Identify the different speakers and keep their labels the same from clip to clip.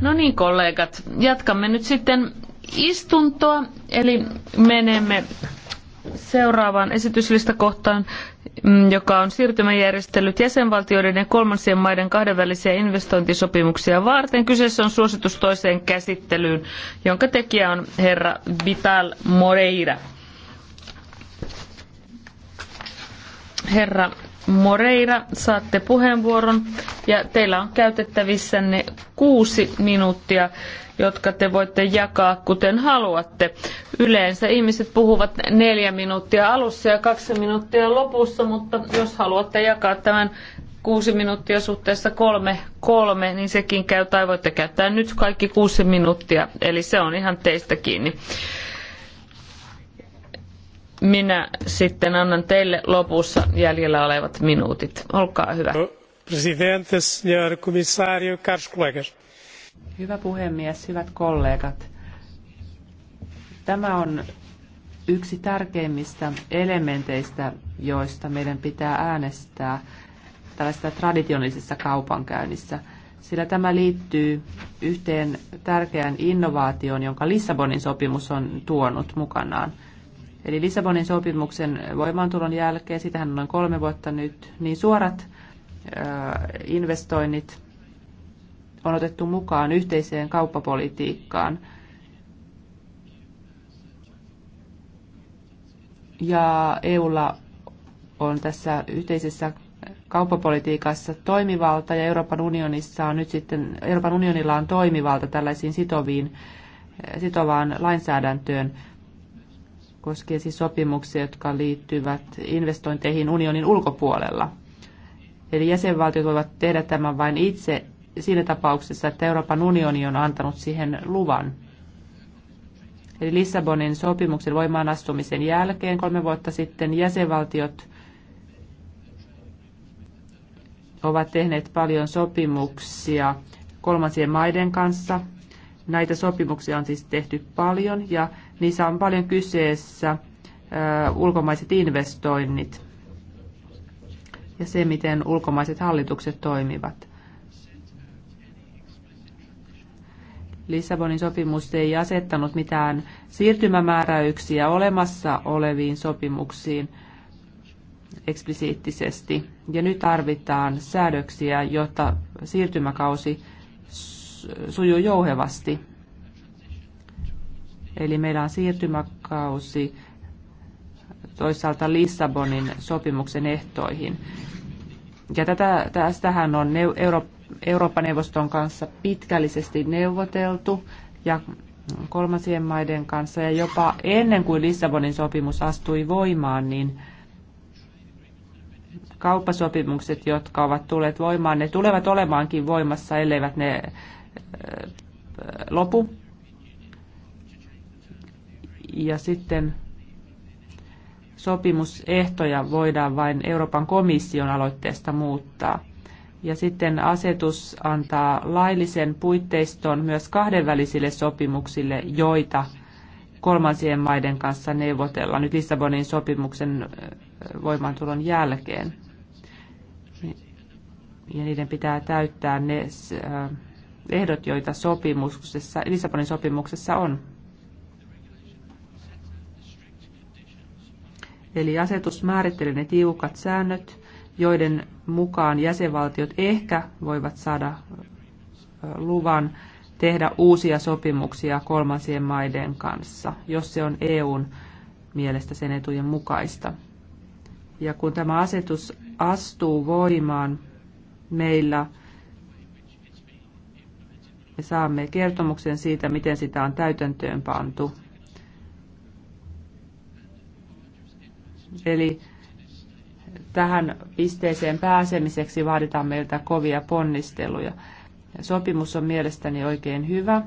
Speaker 1: No niin, kollegat, jatkamme nyt sitten istuntoa, eli menemme seuraavaan esityslistakohtaan, mm, joka on siirtymäjärjestelyt jäsenvaltioiden ja kolmansien maiden kahdenvälisiä investointisopimuksia varten. Kyseessä on suositus toiseen käsittelyyn, jonka tekijä on herra Vital Moreira. Herra Moreira, saatte puheenvuoron ja teillä on käytettävissänne kuusi minuuttia, jotka te voitte jakaa kuten haluatte. Yleensä ihmiset puhuvat neljä minuuttia alussa ja kaksi minuuttia lopussa, mutta jos haluatte jakaa tämän kuusi minuuttia suhteessa kolme kolme, niin sekin käy, tai voitte käyttää nyt kaikki kuusi minuuttia, eli se on ihan teistä kiinni minä sitten annan teille lopussa jäljellä olevat minuutit. Olkaa hyvä.
Speaker 2: Presidente, señor Hyvä puhemies, hyvät kollegat. Tämä on yksi tärkeimmistä elementeistä, joista meidän pitää äänestää tällaisessa traditionaalisessa kaupankäynnissä, sillä tämä liittyy yhteen tärkeään innovaatioon, jonka Lissabonin sopimus on tuonut mukanaan – Eli Lissabonin sopimuksen voimaantulon jälkeen, sitähän on noin kolme vuotta nyt, niin suorat investoinnit on otettu mukaan yhteiseen kauppapolitiikkaan. Ja EUlla on tässä yhteisessä kauppapolitiikassa toimivalta ja Euroopan unionissa on nyt sitten, Euroopan unionilla on toimivalta tällaisiin sitoviin, sitovaan lainsäädäntöön koskee siis sopimuksia, jotka liittyvät investointeihin unionin ulkopuolella. Eli jäsenvaltiot voivat tehdä tämän vain itse siinä tapauksessa, että Euroopan unioni on antanut siihen luvan. Eli Lissabonin sopimuksen voimaan astumisen jälkeen kolme vuotta sitten jäsenvaltiot ovat tehneet paljon sopimuksia kolmansien maiden kanssa Näitä sopimuksia on siis tehty paljon ja niissä on paljon kyseessä ulkomaiset investoinnit ja se, miten ulkomaiset hallitukset toimivat. Lissabonin sopimus ei asettanut mitään siirtymämääräyksiä olemassa oleviin sopimuksiin eksplisiittisesti. Ja nyt tarvitaan säädöksiä, jotta siirtymäkausi sujuu jouhevasti. Eli meillä on siirtymäkausi toisaalta Lissabonin sopimuksen ehtoihin. Ja tätä, tästähän on Euro, Eurooppa-neuvoston kanssa pitkällisesti neuvoteltu ja kolmansien maiden kanssa ja jopa ennen kuin Lissabonin sopimus astui voimaan, niin kauppasopimukset, jotka ovat tulleet voimaan, ne tulevat olemaankin voimassa, elleivät ne lopu. Ja sitten sopimusehtoja voidaan vain Euroopan komission aloitteesta muuttaa. Ja sitten asetus antaa laillisen puitteiston myös kahdenvälisille sopimuksille, joita kolmansien maiden kanssa neuvotellaan nyt Lissabonin sopimuksen voimaantulon jälkeen. Ja niiden pitää täyttää ne ehdot, joita sopimuksessa, Lissabonin sopimuksessa on. Eli asetus määrittelee ne tiukat säännöt, joiden mukaan jäsenvaltiot ehkä voivat saada luvan tehdä uusia sopimuksia kolmansien maiden kanssa, jos se on EUn mielestä sen etujen mukaista. Ja kun tämä asetus astuu voimaan, meillä saamme kertomuksen siitä, miten sitä on täytäntöön pantu. Eli tähän pisteeseen pääsemiseksi vaaditaan meiltä kovia ponnisteluja. Sopimus on mielestäni oikein hyvä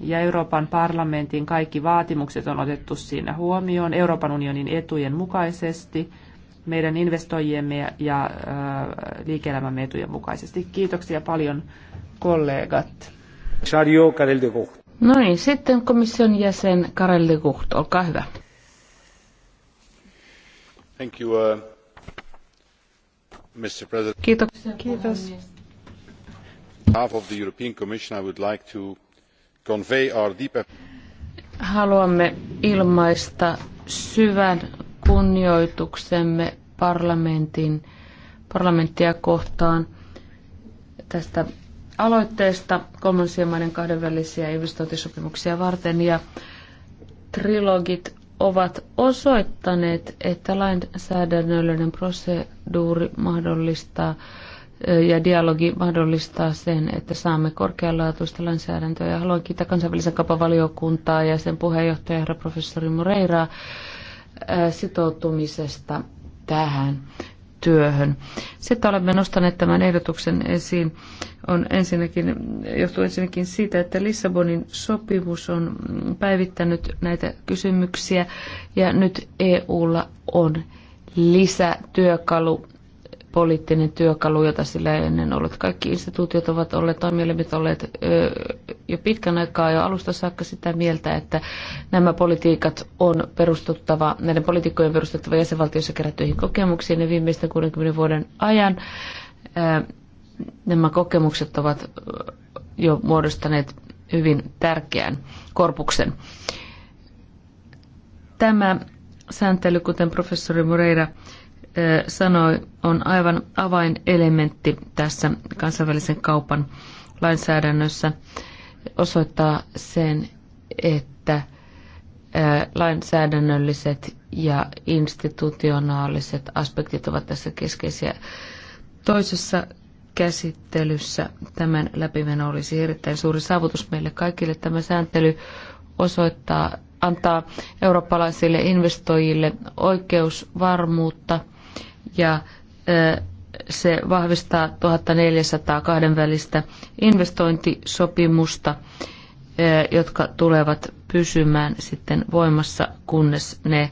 Speaker 2: ja Euroopan parlamentin kaikki vaatimukset on otettu siinä huomioon Euroopan unionin etujen mukaisesti, meidän investoijiemme ja liike-elämämme etujen mukaisesti. Kiitoksia paljon kollegat. No niin, sitten komission
Speaker 1: jäsen Karel de Gucht, olkaa hyvä.
Speaker 2: Thank you, uh, Mr. President. Kiitoksia.
Speaker 1: Kiitos.
Speaker 2: Half of the European Commission, I would like to convey our deep...
Speaker 1: Haluamme ilmaista syvän kunnioituksemme parlamentin, parlamenttia kohtaan tästä aloitteesta kolmansien maiden kahdenvälisiä investointisopimuksia varten ja trilogit ovat osoittaneet, että lainsäädännöllinen proseduuri mahdollistaa ja dialogi mahdollistaa sen, että saamme korkealaatuista lainsäädäntöä. Ja haluan kiittää kansainvälisen kapavaliokuntaa ja sen puheenjohtaja herra professori Moreiraa sitoutumisesta tähän työhön. Se, että olemme nostaneet tämän ehdotuksen esiin, on ensinnäkin, johtuu ensinnäkin siitä, että Lissabonin sopimus on päivittänyt näitä kysymyksiä ja nyt EUlla on lisätyökalu poliittinen työkalu, jota sillä ei ennen ollut. Kaikki instituutiot ovat olleet, toimielimet olleet jo pitkän aikaa jo alusta saakka sitä mieltä, että nämä politiikat on perustuttava, näiden poliitikkojen perustuttava jäsenvaltiossa kerättyihin kokemuksiin ja viimeisten 60 vuoden ajan nämä kokemukset ovat jo muodostaneet hyvin tärkeän korpuksen. Tämä sääntely, kuten professori Moreira sanoi, on aivan avainelementti tässä kansainvälisen kaupan lainsäädännössä osoittaa sen, että lainsäädännölliset ja institutionaaliset aspektit ovat tässä keskeisiä. Toisessa käsittelyssä tämän läpimeno olisi erittäin suuri saavutus meille kaikille. Tämä sääntely osoittaa, antaa eurooppalaisille investoijille oikeusvarmuutta – ja se vahvistaa 1400 kahdenvälistä investointisopimusta, jotka tulevat pysymään sitten voimassa, kunnes ne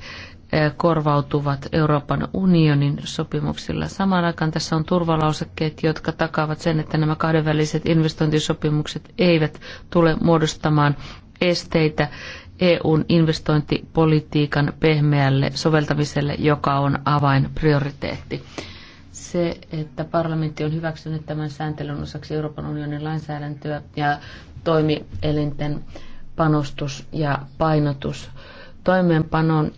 Speaker 1: korvautuvat Euroopan unionin sopimuksilla. Samaan aikaan tässä on turvalausekkeet, jotka takaavat sen, että nämä kahdenväliset investointisopimukset eivät tule muodostamaan esteitä EUn investointipolitiikan pehmeälle soveltamiselle, joka on avainprioriteetti. Se, että parlamentti on hyväksynyt tämän sääntelyn osaksi Euroopan unionin lainsäädäntöä ja toimielinten panostus ja painotus toimeenpanoon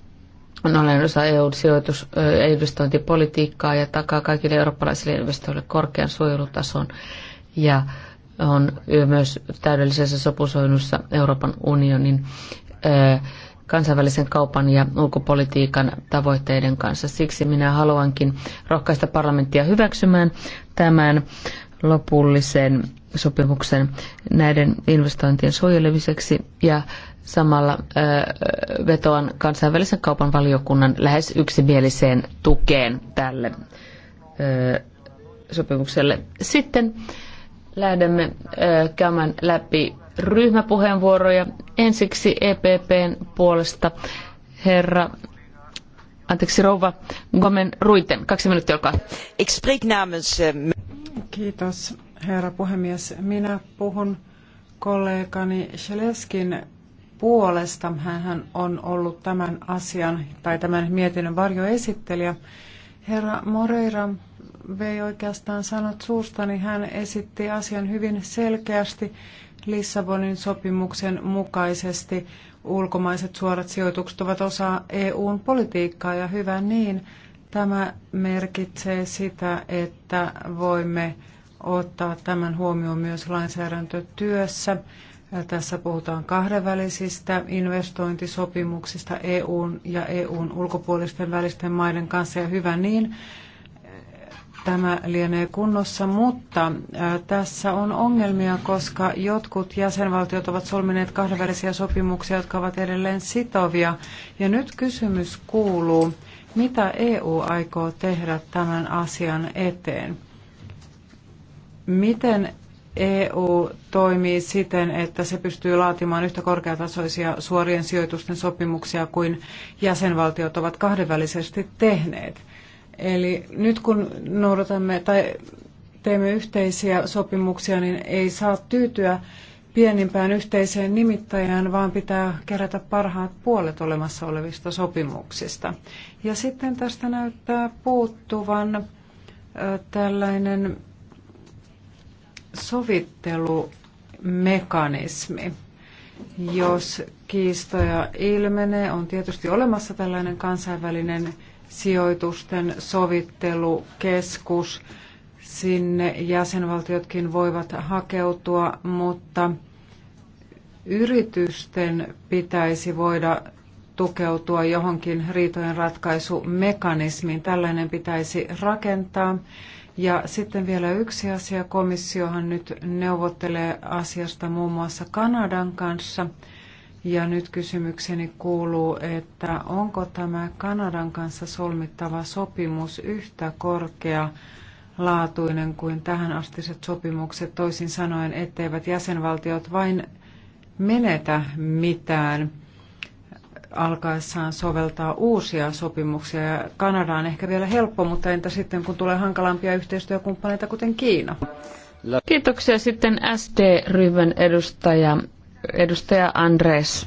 Speaker 1: on olen osa EU-sijoitus- investointipolitiikkaa ja takaa kaikille eurooppalaisille investoille korkean suojelutason ja on myös täydellisessä sopusoinnussa Euroopan unionin kansainvälisen kaupan ja ulkopolitiikan tavoitteiden kanssa. Siksi minä haluankin rohkaista parlamenttia hyväksymään tämän lopullisen sopimuksen näiden investointien suojelemiseksi ja samalla vetoan kansainvälisen kaupan valiokunnan lähes yksimieliseen tukeen tälle sopimukselle. Sitten lähdemme käymään läpi ryhmäpuheenvuoroja. Ensiksi EPPn puolesta herra anteeksi rouva Gomen Ruiten. Kaksi minuuttia, olkaa. Eh, Kiitos herra
Speaker 3: puhemies. Minä puhun kollegani Sheleskin puolesta. Hän on ollut tämän asian tai tämän mietinnön varjoesittelijä. Herra Moreira vei oikeastaan sanot suustani. Hän esitti asian hyvin selkeästi. Lissabonin sopimuksen mukaisesti ulkomaiset suorat sijoitukset ovat osa EUn politiikkaa ja hyvä niin. Tämä merkitsee sitä, että voimme ottaa tämän huomioon myös lainsäädäntötyössä. Tässä puhutaan kahdenvälisistä investointisopimuksista EUn ja EUn ulkopuolisten välisten maiden kanssa ja hyvä niin tämä lienee kunnossa, mutta tässä on ongelmia, koska jotkut jäsenvaltiot ovat solmineet kahdenvälisiä sopimuksia, jotka ovat edelleen sitovia. Ja nyt kysymys kuuluu, mitä EU aikoo tehdä tämän asian eteen? Miten EU toimii siten, että se pystyy laatimaan yhtä korkeatasoisia suorien sijoitusten sopimuksia kuin jäsenvaltiot ovat kahdenvälisesti tehneet? Eli nyt kun noudatamme tai teemme yhteisiä sopimuksia, niin ei saa tyytyä pienimpään yhteiseen nimittäjään, vaan pitää kerätä parhaat puolet olemassa olevista sopimuksista. Ja sitten tästä näyttää puuttuvan tällainen sovittelumekanismi. Jos kiistoja ilmenee, on tietysti olemassa tällainen kansainvälinen sijoitusten sovittelukeskus. Sinne jäsenvaltiotkin voivat hakeutua, mutta yritysten pitäisi voida tukeutua johonkin riitojen ratkaisumekanismiin. Tällainen pitäisi rakentaa. Ja sitten vielä yksi asia. Komissiohan nyt neuvottelee asiasta muun muassa Kanadan kanssa – ja nyt kysymykseni kuuluu, että onko tämä Kanadan kanssa solmittava sopimus yhtä korkea laatuinen kuin tähän tähänastiset sopimukset, toisin sanoen, etteivät jäsenvaltiot vain menetä mitään alkaessaan soveltaa uusia sopimuksia. Ja Kanada on ehkä vielä helppo, mutta entä sitten kun tulee hankalampia yhteistyökumppaneita, kuten Kiina?
Speaker 1: Kiitoksia sitten SD-ryhmän edustaja Edustaja Andres,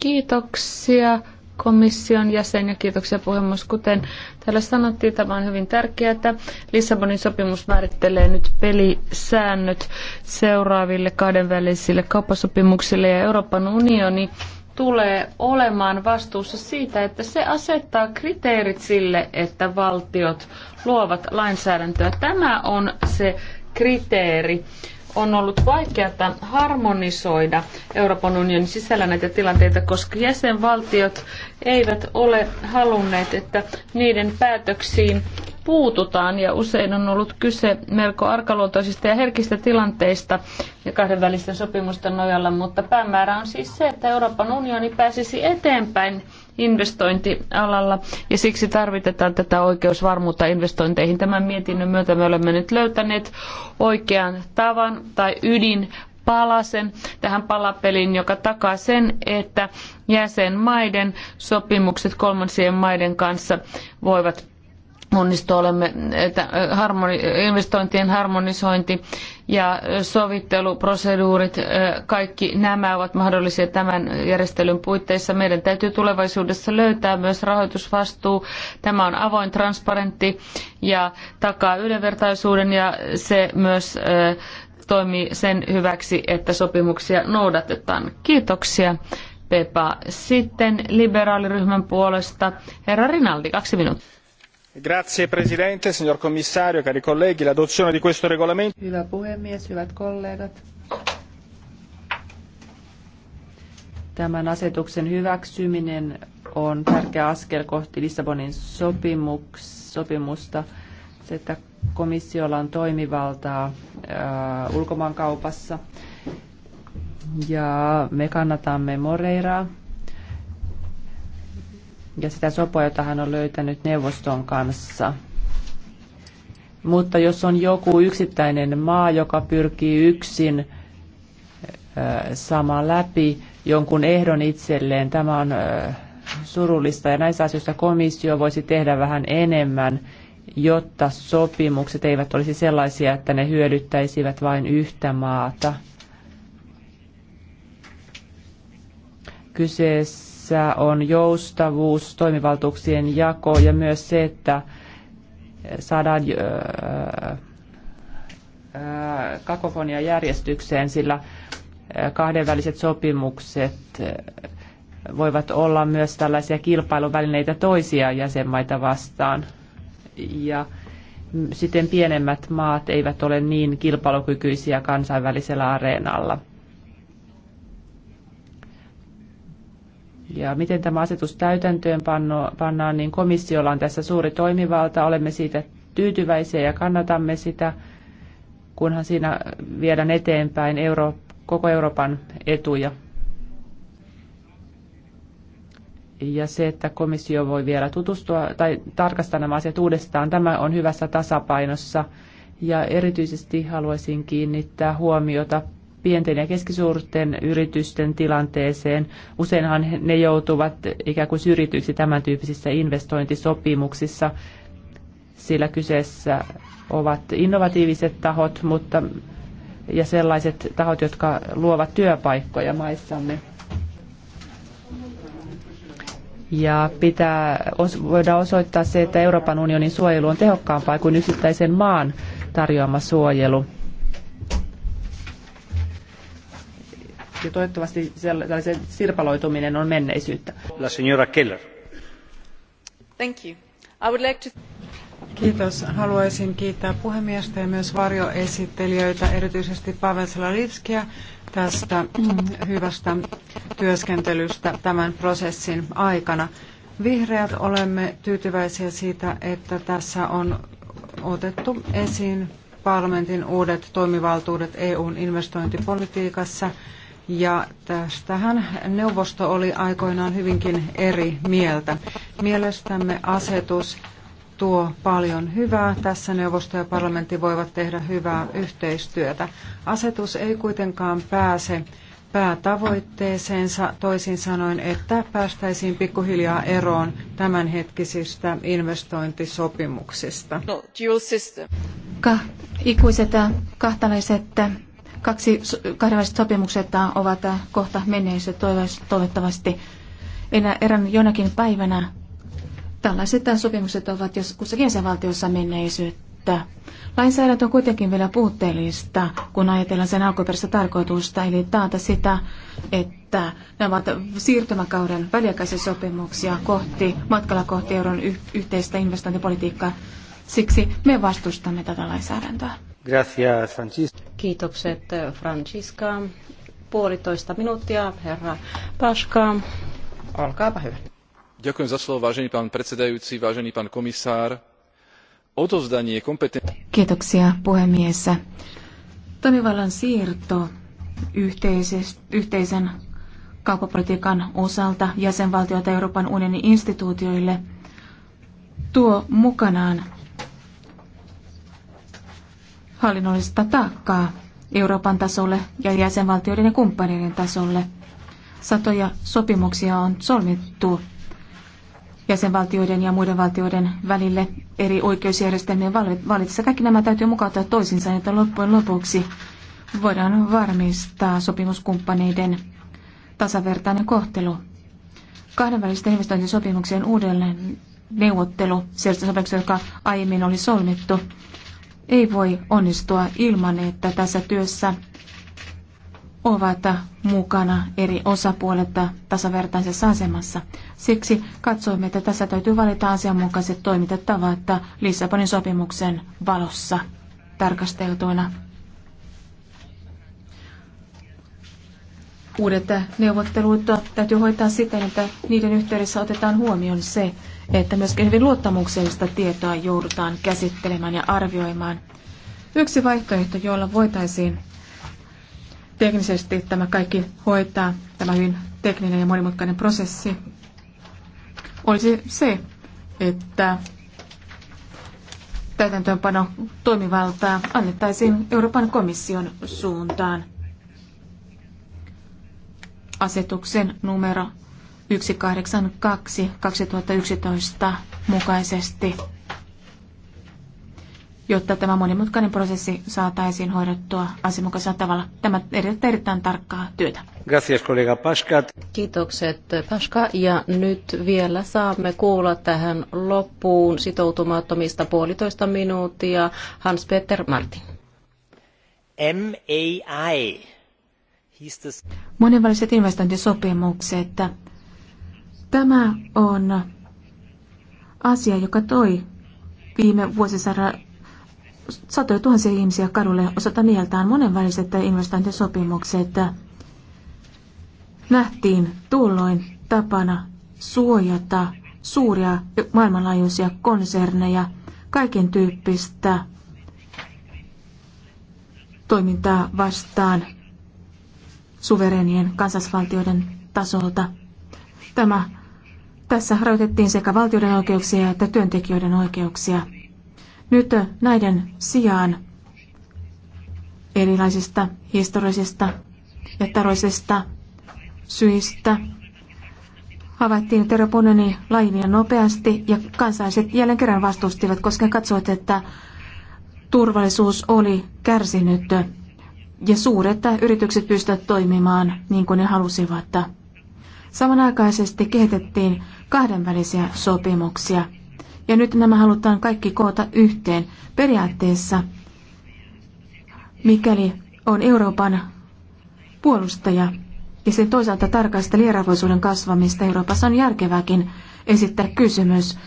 Speaker 1: kiitoksia komission jäsen ja kiitoksia puhemies. Kuten täällä sanottiin, tämä on hyvin tärkeää, että Lissabonin sopimus määrittelee nyt pelisäännöt seuraaville kahdenvälisille kauppasopimuksille ja Euroopan unioni tulee olemaan vastuussa siitä, että se asettaa kriteerit sille, että valtiot luovat lainsäädäntöä. Tämä on se kriteeri on ollut vaikeata harmonisoida Euroopan unionin sisällä näitä tilanteita, koska jäsenvaltiot eivät ole halunneet, että niiden päätöksiin puututaan ja usein on ollut kyse melko arkaluontoisista ja herkistä tilanteista ja kahdenvälisten sopimusten nojalla, mutta päämäärä on siis se, että Euroopan unioni pääsisi eteenpäin investointialalla ja siksi tarvitetaan tätä oikeusvarmuutta investointeihin. Tämän mietinnön myötä me olemme nyt löytäneet oikean tavan tai ydin palasen tähän palapeliin, joka takaa sen, että jäsenmaiden sopimukset kolmansien maiden kanssa voivat onnistua olemme, että harmoni, investointien harmonisointi ja sovitteluproseduurit, kaikki nämä ovat mahdollisia tämän järjestelyn puitteissa. Meidän täytyy tulevaisuudessa löytää myös rahoitusvastuu. Tämä on avoin, transparentti ja takaa yhdenvertaisuuden ja se myös toimii sen hyväksi, että sopimuksia noudatetaan. Kiitoksia. Pepa. Sitten liberaaliryhmän puolesta herra Rinaldi, kaksi minuuttia signor presidente, signor commissario, onorevoli colleghi, l'adozione di questo regolamento.
Speaker 2: Hyvä puhemies, hyvät kollegat. Tämän asetuksen hyväksyminen on tärkeä askel kohti Lissabonin sopimusta, se, että komissiolla on toimivaltaa äh, ulkomaankaupassa. Ja me kannatamme Moreiraa ja sitä sopua, jota hän on löytänyt neuvoston kanssa. Mutta jos on joku yksittäinen maa, joka pyrkii yksin sama läpi jonkun ehdon itselleen, tämä on surullista. Ja näissä asioissa komissio voisi tehdä vähän enemmän, jotta sopimukset eivät olisi sellaisia, että ne hyödyttäisivät vain yhtä maata. Kyseessä missä on joustavuus, toimivaltuuksien jako ja myös se, että saadaan kakofonia järjestykseen, sillä kahdenväliset sopimukset voivat olla myös tällaisia kilpailuvälineitä toisia jäsenmaita vastaan. Ja siten pienemmät maat eivät ole niin kilpailukykyisiä kansainvälisellä areenalla. Ja miten tämä asetus täytäntöön panno, pannaan, niin komissiolla on tässä suuri toimivalta. Olemme siitä tyytyväisiä ja kannatamme sitä, kunhan siinä viedään eteenpäin Euro, koko Euroopan etuja. Ja se, että komissio voi vielä tutustua tai tarkastaa nämä asiat uudestaan, tämä on hyvässä tasapainossa. Ja erityisesti haluaisin kiinnittää huomiota pienten ja keskisuurten yritysten tilanteeseen. Useinhan ne joutuvat ikään kuin syrjityiksi tämän tyyppisissä investointisopimuksissa, sillä kyseessä ovat innovatiiviset tahot mutta, ja sellaiset tahot, jotka luovat työpaikkoja maissamme. Ja pitää voida osoittaa se, että Euroopan unionin suojelu on tehokkaampaa kuin yksittäisen maan tarjoama suojelu. Ja toivottavasti tällaisen sirpaloituminen on menneisyyttä.
Speaker 1: La señora Keller.
Speaker 4: Thank you. I would like to...
Speaker 3: Kiitos. Haluaisin kiittää puhemiestä ja myös varjoesittelijöitä, erityisesti Pavel Salavskia tästä hyvästä työskentelystä tämän prosessin aikana. Vihreät olemme tyytyväisiä siitä, että tässä on otettu esiin parlamentin uudet toimivaltuudet EUn investointipolitiikassa – ja tästähän neuvosto oli aikoinaan hyvinkin eri mieltä. Mielestämme asetus tuo paljon hyvää. Tässä neuvosto ja parlamentti voivat tehdä hyvää yhteistyötä. Asetus ei kuitenkaan pääse päätavoitteeseensa, toisin sanoen, että päästäisiin pikkuhiljaa eroon tämänhetkisistä investointisopimuksista.
Speaker 4: No, dual system. Ka- ikuiset kahtalaiset Kaksi kahdenväliset sopimukset ovat kohta menneisyys toivottavasti. erään jonakin päivänä tällaiset sopimukset ovat jos kussakin jäsenvaltiossa menneisyyttä. Lainsäädäntö on kuitenkin vielä puutteellista, kun ajatellaan sen alkuperäistä tarkoitusta, eli taata sitä, että nämä ovat siirtymäkauden väliaikaisia sopimuksia kohti, matkalla kohti euron yh- yhteistä investointipolitiikkaa. Siksi me vastustamme tätä lainsäädäntöä.
Speaker 3: Gracias, Francisco.
Speaker 4: Kiitokset
Speaker 5: eh, Francisca. Puolitoista minuuttia, herra Paska.
Speaker 4: Olkaapa hyvä. Ďakujem za slovo, vážený pán predsedajúci, vážený pán komisár. Odozdanie kompetentnosti... Kiitoksia, puhemies. Toimivallan siirto yhteisen kauppapolitiikan osalta jäsenvaltioita Euroopan unionin instituutioille tuo mukanaan hallinnollista taakkaa Euroopan tasolle ja jäsenvaltioiden ja kumppaneiden tasolle. Satoja sopimuksia on solmittu jäsenvaltioiden ja muiden valtioiden välille eri oikeusjärjestelmien valitessa. Kaikki nämä täytyy mukauttaa toisiinsa, että loppujen lopuksi voidaan varmistaa sopimuskumppaneiden tasavertainen kohtelu. Kahdenvälisten investointisopimuksien uudelleen neuvottelu sellaista sopimuksia, joka aiemmin oli solmittu, ei voi onnistua ilman, että tässä työssä ovat mukana eri osapuolet tasavertaisessa asemassa. Siksi katsoimme, että tässä täytyy valita asianmukaiset toimintatavat Lissabonin sopimuksen valossa tarkasteltuina. Uudet neuvottelut täytyy hoitaa siten, että niiden yhteydessä otetaan huomioon se, että myöskin hyvin luottamuksellista tietoa joudutaan käsittelemään ja arvioimaan. Yksi vaihtoehto, jolla voitaisiin teknisesti tämä kaikki hoitaa, tämä hyvin tekninen ja monimutkainen prosessi, olisi se, että täytäntöönpano toimivaltaa annettaisiin Euroopan komission suuntaan. Asetuksen numero 182 2011 mukaisesti, jotta tämä monimutkainen prosessi saataisiin hoidettua asianmukaisella tavalla. Tämä edellyttää erittäin tarkkaa työtä. Gracias, kollega Paskat. Kiitokset
Speaker 5: Paska. Ja nyt vielä saamme kuulla tähän loppuun sitoutumattomista
Speaker 4: puolitoista minuuttia Hans-Peter Martin.
Speaker 2: MAI.
Speaker 4: Monenväliset investointisopimukset Tämä on asia, joka toi viime vuosisadan satoja tuhansia ihmisiä kadulle osata mieltään monenväliset investointisopimukset nähtiin tuolloin tapana suojata suuria maailmanlaajuisia konserneja, kaiken tyyppistä toimintaa vastaan suverenien kansallisvaltioiden tasolta. Tämä tässä harjoitettiin sekä valtioiden oikeuksia että työntekijöiden oikeuksia. Nyt näiden sijaan erilaisista historisista ja taroisista syistä havaittiin Teroponeni lainia nopeasti ja kansalaiset jälleen kerran vastustivat, koska katsoivat, että turvallisuus oli kärsinyt ja suuret yritykset pystyvät toimimaan niin kuin ne halusivat. Samanaikaisesti kehitettiin kahdenvälisiä sopimuksia. Ja nyt nämä halutaan kaikki koota yhteen. Periaatteessa, mikäli on Euroopan puolustaja ja sen toisaalta tarkasta lieravoisuuden kasvamista Euroopassa, on järkevääkin esittää kysymys,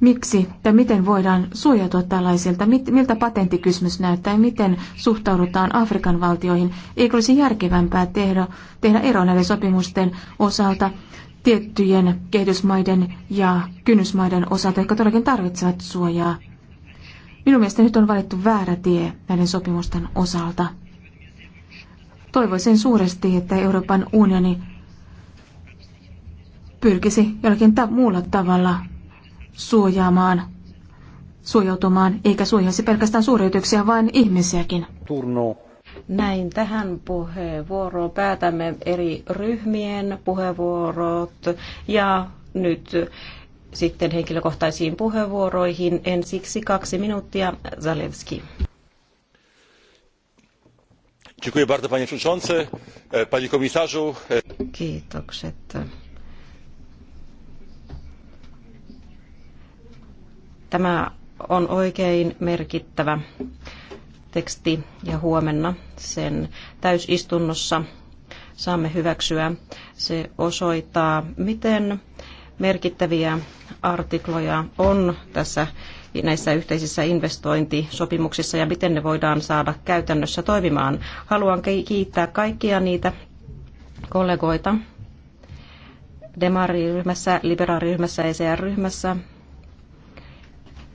Speaker 4: miksi tai miten voidaan suojautua tällaisilta, miltä patenttikysymys näyttää ja miten suhtaudutaan Afrikan valtioihin. Eikö olisi järkevämpää tehdä, tehdä ero näiden sopimusten osalta tiettyjen kehitysmaiden ja kynnysmaiden osalta, jotka todellakin tarvitsevat suojaa. Minun mielestäni nyt on valittu väärä tie näiden sopimusten osalta. Toivoisin suuresti, että Euroopan unioni pyrkisi jollakin ta- muulla tavalla suojaamaan, suojautumaan, eikä suojaisi pelkästään suuryrityksiä, vaan ihmisiäkin.
Speaker 2: Turno.
Speaker 5: Näin tähän puheenvuoroon päätämme eri ryhmien puheenvuorot ja nyt sitten henkilökohtaisiin puheenvuoroihin. Ensiksi kaksi minuuttia, Zalewski. Kiitokset. Tämä on oikein merkittävä teksti ja huomenna sen täysistunnossa saamme hyväksyä. Se osoittaa, miten merkittäviä artikloja on tässä näissä yhteisissä investointisopimuksissa ja miten ne voidaan saada käytännössä toimimaan. Haluan kiittää kaikkia niitä kollegoita ryhmässä, demariryhmässä, ryhmässä ECR-ryhmässä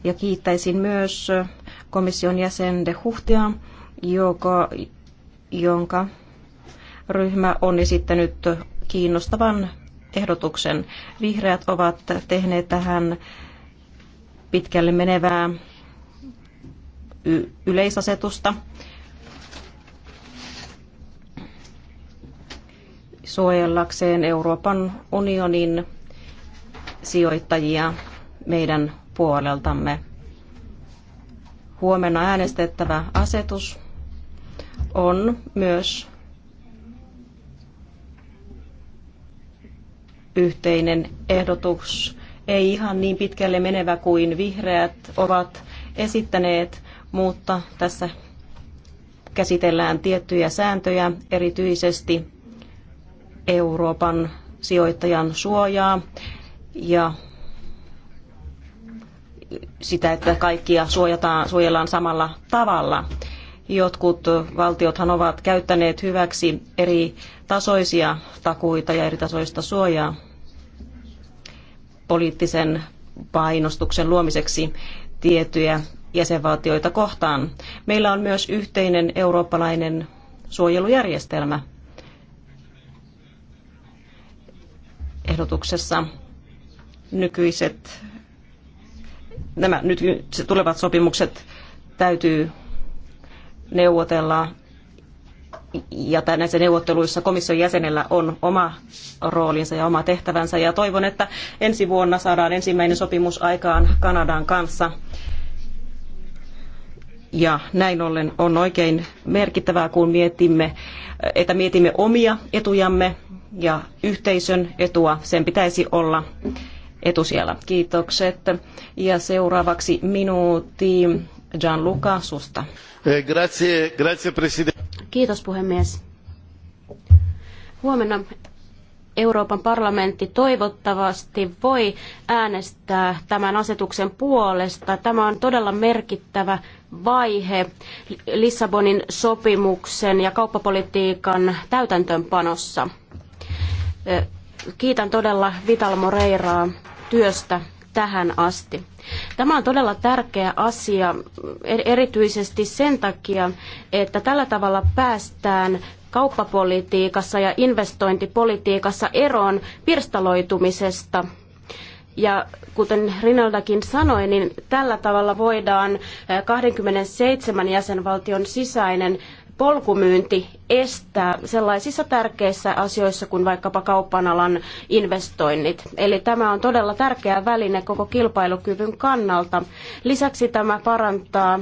Speaker 5: ja kiittäisin myös komission jäsen de Huhtia, joka, jonka ryhmä on esittänyt kiinnostavan ehdotuksen. Vihreät ovat tehneet tähän pitkälle menevää yleisasetusta suojellakseen Euroopan unionin sijoittajia meidän puoleltamme huomenna äänestettävä asetus on myös yhteinen ehdotus, ei ihan niin pitkälle menevä kuin vihreät ovat esittäneet, mutta tässä käsitellään tiettyjä sääntöjä, erityisesti Euroopan sijoittajan suojaa ja sitä, että kaikkia suojataan, suojellaan samalla tavalla. Jotkut valtiothan ovat käyttäneet hyväksi eri tasoisia takuita ja eri tasoista suojaa poliittisen painostuksen luomiseksi tiettyjä jäsenvaltioita kohtaan. Meillä on myös yhteinen eurooppalainen suojelujärjestelmä ehdotuksessa. Nykyiset nämä nyt tulevat sopimukset täytyy neuvotella ja näissä neuvotteluissa komission jäsenellä on oma roolinsa ja oma tehtävänsä ja toivon, että ensi vuonna saadaan ensimmäinen sopimus aikaan Kanadan kanssa. Ja näin ollen on oikein merkittävää, kun mietimme, että mietimme omia etujamme ja yhteisön etua. Sen pitäisi olla etusijalla. Kiitokset. Ja seuraavaksi
Speaker 6: minuutti Gianluca Susta.
Speaker 3: Eh, grazie, grazie Presidente.
Speaker 6: Kiitos puhemies. Huomenna Euroopan parlamentti toivottavasti voi äänestää tämän asetuksen puolesta. Tämä on todella merkittävä vaihe Lissabonin sopimuksen ja kauppapolitiikan täytäntöönpanossa. Eh, kiitän todella Vital Moreiraa työstä tähän asti. Tämä on todella tärkeä asia e- erityisesti sen takia, että tällä tavalla päästään kauppapolitiikassa ja investointipolitiikassa eroon pirstaloitumisesta. Ja kuten Rinaldakin sanoi, niin tällä tavalla voidaan 27 jäsenvaltion sisäinen polkumyynti estää sellaisissa tärkeissä asioissa kuin vaikkapa kauppanalan investoinnit. Eli tämä on todella tärkeä väline koko kilpailukyvyn kannalta. Lisäksi tämä parantaa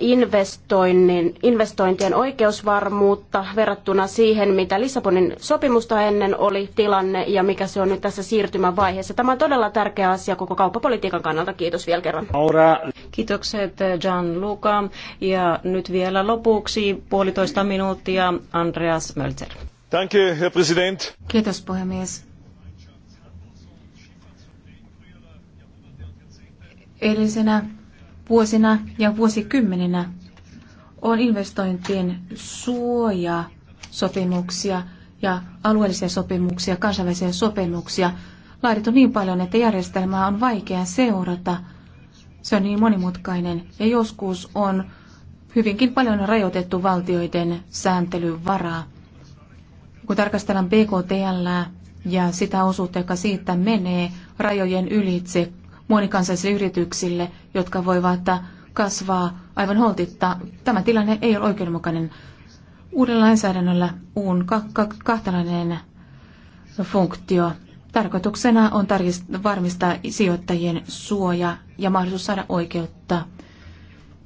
Speaker 6: investoinnin, investointien oikeusvarmuutta verrattuna siihen, mitä Lissabonin sopimusta ennen oli tilanne ja mikä se on nyt tässä siirtymävaiheessa. Tämä on todella tärkeä asia koko kauppapolitiikan kannalta. Kiitos vielä kerran. Aura. Kiitokset eh, Gianluca. Ja nyt vielä lopuksi
Speaker 5: puolitoista minuuttia Andreas Mölzer.
Speaker 6: Danke, Herr Präsident.
Speaker 5: Kiitos puhemies.
Speaker 4: Edellisenä vuosina ja vuosikymmeninä on investointien suoja sopimuksia ja alueellisia sopimuksia, kansainvälisiä sopimuksia laadittu niin paljon, että järjestelmää on vaikea seurata. Se on niin monimutkainen ja joskus on hyvinkin paljon rajoitettu valtioiden sääntelyn varaa. Kun tarkastellaan BKTL ja sitä osuutta, joka siitä menee rajojen ylitse monikansallisille yrityksille, jotka voivat kasvaa aivan holtitta. Tämä tilanne ei ole oikeudenmukainen. Uudella lainsäädännöllä uun ka- ka- kahtalainen funktio. Tarkoituksena on tarkist- varmistaa sijoittajien suoja ja mahdollisuus saada oikeutta.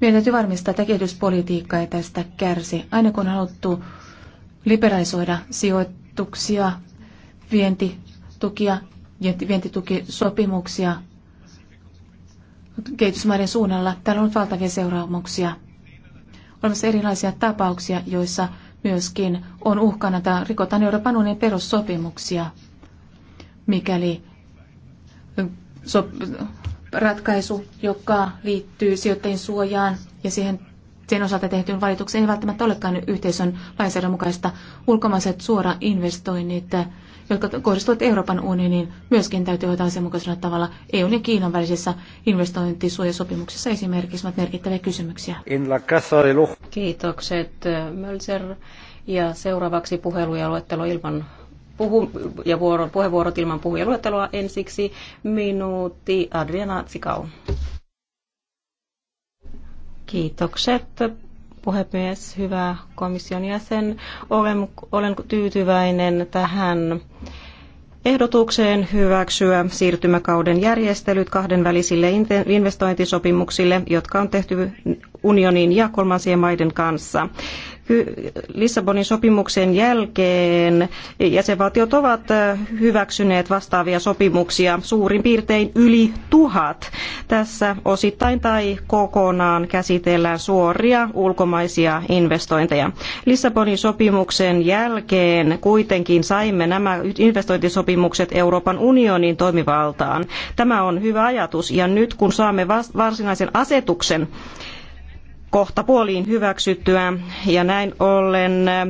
Speaker 4: Meidän täytyy varmistaa, että kehityspolitiikka ei tästä kärsi. Aina kun on haluttu liberalisoida sijoituksia, vientitukia, vientitukisopimuksia, kehitysmaiden suunnalla. Täällä on ollut valtavia seuraamuksia. Olemassa erilaisia tapauksia, joissa myöskin on uhkana, että rikotaan Euroopan unionin perussopimuksia, mikäli sop- ratkaisu, joka liittyy sijoittajien suojaan ja siihen sen osalta tehtyyn valitukseen ei välttämättä olekaan yhteisön lainsäädännön mukaista. Ulkomaiset suora investoinnit jotka kohdistuvat Euroopan unioniin, myöskin täytyy hoitaa asianmukaisella tavalla. EUn ja Kiinan välisissä investointisuojasopimuksissa esimerkiksi ovat merkittäviä kysymyksiä. Kiitokset
Speaker 5: Mölzer. Ja seuraavaksi puhelu ja luettelo ilman puhu, ja vuoro, puheenvuorot ilman luetteloa ensiksi. Minuutti Adriana Tsikau. Kiitokset puhemies, hyvä komission jäsen. Olen, olen tyytyväinen tähän ehdotukseen hyväksyä siirtymäkauden järjestelyt kahdenvälisille investointisopimuksille, jotka on tehty unionin ja kolmansien maiden kanssa. Lissabonin sopimuksen jälkeen jäsenvaltiot ovat äh, hyväksyneet vastaavia sopimuksia suurin piirtein yli tuhat. Tässä osittain tai kokonaan käsitellään suoria ulkomaisia investointeja. Lissabonin sopimuksen jälkeen kuitenkin saimme nämä investointisopimukset Euroopan unionin toimivaltaan. Tämä on hyvä ajatus ja nyt kun saamme varsinaisen asetuksen, kohta puoliin hyväksyttyä ja näin ollen äh,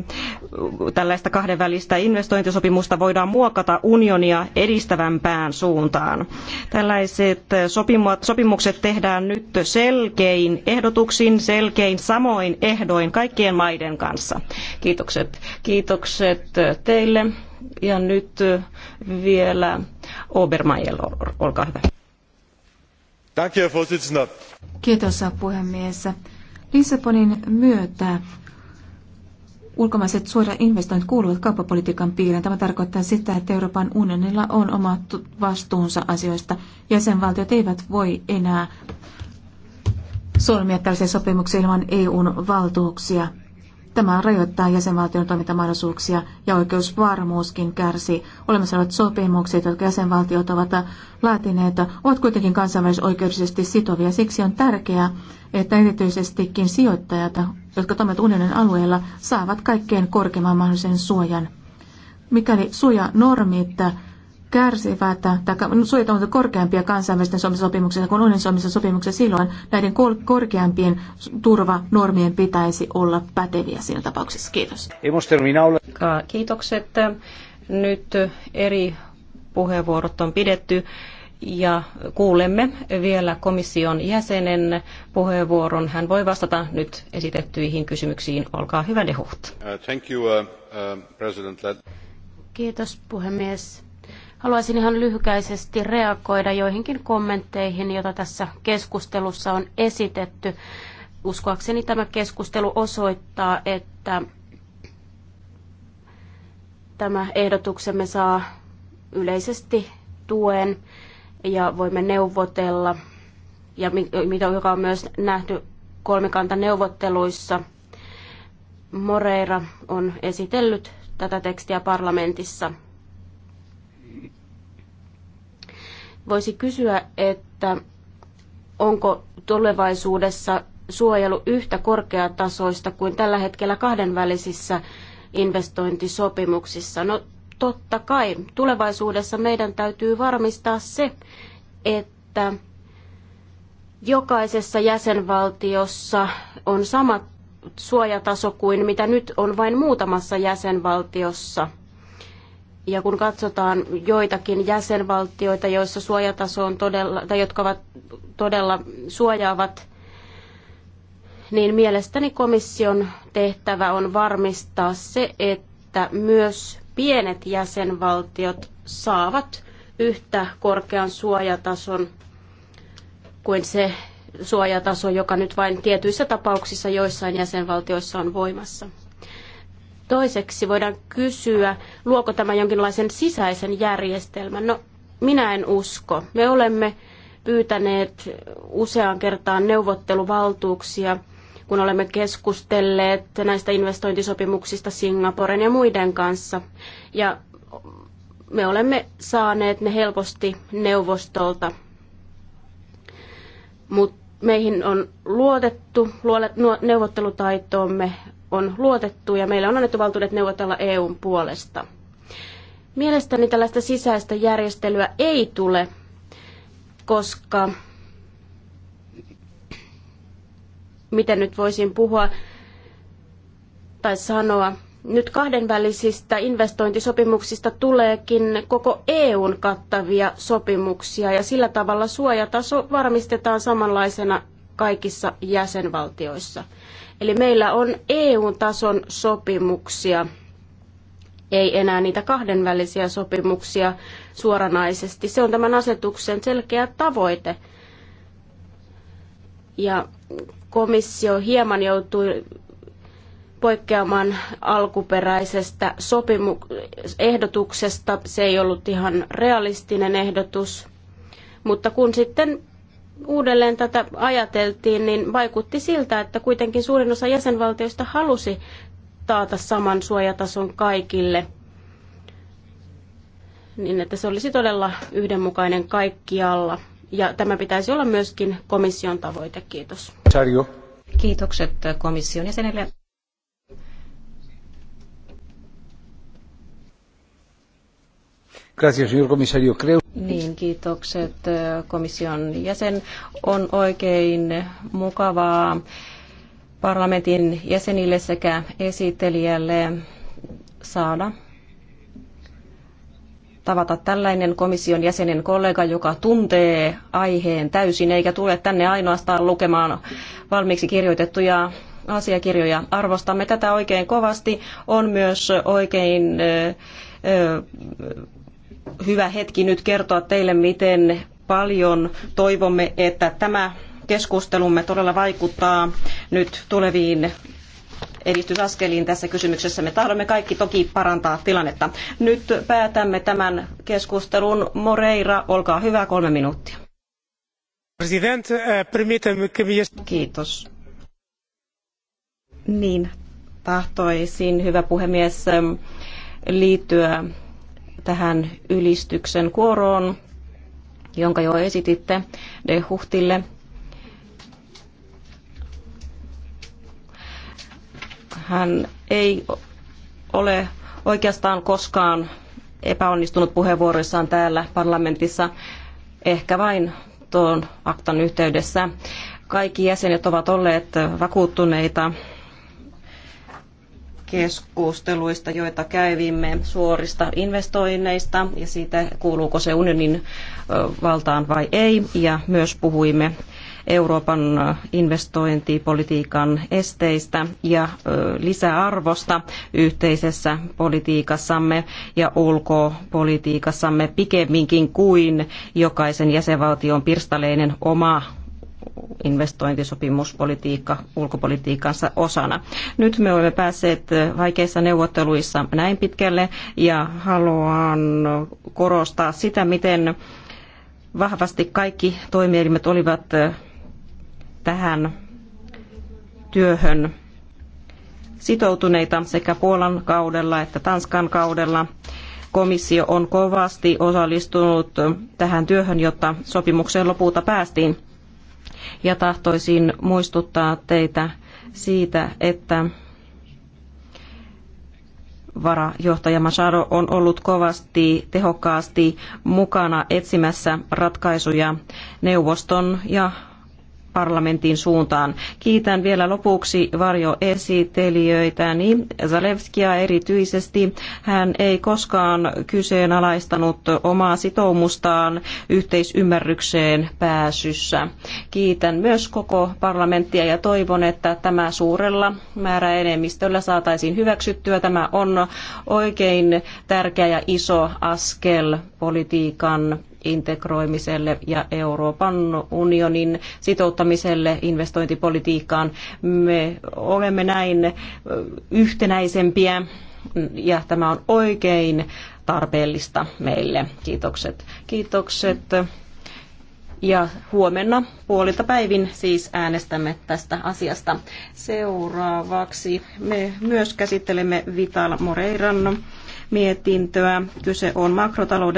Speaker 5: tällaista kahdenvälistä investointisopimusta voidaan muokata unionia edistävämpään suuntaan. Tällaiset äh, sopimukset tehdään nyt selkein ehdotuksin, selkein samoin ehdoin kaikkien maiden kanssa. Kiitokset. Kiitokset äh, teille. Ja nyt
Speaker 4: vielä Obermeier, olkaa hyvä. Kiitos puhemies. Lissabonin myötä ulkomaiset suora investoinnit kuuluvat kauppapolitiikan piiriin. Tämä tarkoittaa sitä, että Euroopan unionilla on oma vastuunsa asioista. Jäsenvaltiot eivät voi enää solmia tällaisia sopimuksia ilman EUn valtuuksia. Tämä rajoittaa jäsenvaltion toimintamahdollisuuksia ja oikeusvarmuuskin kärsi. Olemassa olevat sopimukset, jotka jäsenvaltiot ovat laatineet, ovat kuitenkin kansainvälisoikeudellisesti sitovia. Siksi on tärkeää, että erityisestikin sijoittajat, jotka toimivat unionin alueella, saavat kaikkein korkeimman mahdollisen suojan. Mikäli suojanormit normit kärsivät, tai no, suojat ovat korkeampia kansainvälisten sopimuksissa kuin unionin Suomessa sopimuksia silloin näiden korkeampien turvanormien pitäisi olla päteviä siinä tapauksessa. Kiitos. Kiitokset. Nyt eri
Speaker 5: puheenvuorot on pidetty ja kuulemme vielä komission jäsenen puheenvuoron. Hän voi vastata nyt esitettyihin kysymyksiin. Olkaa hyvä,
Speaker 2: Dehuht. Uh, thank you, uh, uh, President
Speaker 6: Kiitos puhemies. Haluaisin ihan lyhykäisesti reagoida joihinkin kommentteihin, joita tässä keskustelussa on esitetty. Uskoakseni tämä keskustelu osoittaa, että tämä ehdotuksemme saa yleisesti tuen ja voimme neuvotella, ja mitä, joka on myös nähty kolmikantaneuvotteluissa. Moreira on esitellyt tätä tekstiä parlamentissa – Voisi kysyä, että onko tulevaisuudessa suojelu yhtä korkeatasoista kuin tällä hetkellä kahdenvälisissä investointisopimuksissa? No totta kai. Tulevaisuudessa meidän täytyy varmistaa se, että jokaisessa jäsenvaltiossa on sama suojataso kuin mitä nyt on vain muutamassa jäsenvaltiossa – ja kun katsotaan joitakin jäsenvaltioita, joissa suojataso on todella, tai jotka ovat todella suojaavat, niin mielestäni komission tehtävä on varmistaa se, että myös pienet jäsenvaltiot saavat yhtä korkean suojatason kuin se suojataso, joka nyt vain tietyissä tapauksissa joissain jäsenvaltioissa on voimassa. Toiseksi voidaan kysyä, luoko tämä jonkinlaisen sisäisen järjestelmän. No, minä en usko. Me olemme pyytäneet useaan kertaan neuvotteluvaltuuksia, kun olemme keskustelleet näistä investointisopimuksista Singaporen ja muiden kanssa. Ja me olemme saaneet ne helposti neuvostolta. Mutta meihin on luotettu, neuvottelutaitoomme on luotettu ja meillä on annettu valtuudet neuvotella EUn puolesta. Mielestäni tällaista sisäistä järjestelyä ei tule, koska miten nyt voisin puhua tai sanoa, nyt kahdenvälisistä investointisopimuksista tuleekin koko EUn kattavia sopimuksia ja sillä tavalla suojataso varmistetaan samanlaisena kaikissa jäsenvaltioissa. Eli meillä on EU-tason sopimuksia, ei enää niitä kahdenvälisiä sopimuksia suoranaisesti. Se on tämän asetuksen selkeä tavoite. Ja komissio hieman joutui poikkeamaan alkuperäisestä sopimu- ehdotuksesta. Se ei ollut ihan realistinen ehdotus. Mutta kun sitten uudelleen tätä ajateltiin, niin vaikutti siltä, että kuitenkin suurin osa jäsenvaltioista halusi taata saman suojatason kaikille, niin että se olisi todella yhdenmukainen kaikkialla. Ja tämä pitäisi olla myöskin komission tavoite. Kiitos. Kiitokset komission jäsenelle.
Speaker 1: Gracias,
Speaker 4: señor comisario. Creo...
Speaker 5: Niin, kiitokset komission jäsen. On oikein mukavaa parlamentin jäsenille sekä esittelijälle saada tavata tällainen komission jäsenen kollega, joka tuntee aiheen täysin eikä tule tänne ainoastaan lukemaan valmiiksi kirjoitettuja asiakirjoja. Arvostamme tätä oikein kovasti. On myös oikein hyvä hetki nyt kertoa teille, miten paljon toivomme, että tämä keskustelumme todella vaikuttaa nyt tuleviin edistysaskeliin tässä kysymyksessä. Me tahdomme kaikki toki parantaa tilannetta. Nyt päätämme tämän keskustelun. Moreira, olkaa hyvä, kolme minuuttia.
Speaker 3: Eh,
Speaker 5: Kiitos. Niin, tahtoisin, hyvä puhemies, eh, liittyä tähän ylistyksen kuoroon, jonka jo esititte De Huhtille. Hän ei ole oikeastaan koskaan epäonnistunut puheenvuoroissaan täällä parlamentissa, ehkä vain tuon aktan yhteydessä. Kaikki jäsenet ovat olleet vakuuttuneita keskusteluista, joita kävimme suorista investoinneista ja siitä, kuuluuko se unionin valtaan vai ei. Ja myös puhuimme Euroopan investointipolitiikan esteistä ja lisäarvosta yhteisessä politiikassamme ja ulkopolitiikassamme pikemminkin kuin jokaisen jäsenvaltion pirstaleinen oma investointisopimuspolitiikka ulkopolitiikansa osana. Nyt me olemme päässeet vaikeissa neuvotteluissa näin pitkälle ja haluan korostaa sitä, miten vahvasti kaikki toimielimet olivat tähän työhön sitoutuneita sekä Puolan kaudella että Tanskan kaudella. Komissio on kovasti osallistunut tähän työhön, jotta sopimukseen lopulta päästiin ja tahtoisin muistuttaa teitä siitä, että varajohtaja Machado on ollut kovasti tehokkaasti mukana etsimässä ratkaisuja neuvoston ja parlamentin suuntaan. Kiitän vielä lopuksi varjoesittelijöitäni Zalewskia erityisesti. Hän ei koskaan kyseenalaistanut omaa sitoumustaan yhteisymmärrykseen pääsyssä. Kiitän myös koko parlamenttia ja toivon, että tämä suurella määräenemmistöllä saataisiin hyväksyttyä. Tämä on oikein tärkeä ja iso askel politiikan integroimiselle ja Euroopan unionin sitouttamiselle investointipolitiikkaan. Me olemme näin yhtenäisempiä ja tämä on oikein tarpeellista meille. Kiitokset. Kiitokset. Ja huomenna puolilta päivin siis äänestämme tästä asiasta. Seuraavaksi me myös käsittelemme Vital Moreiran mietintöä. Kyse on makrotalouden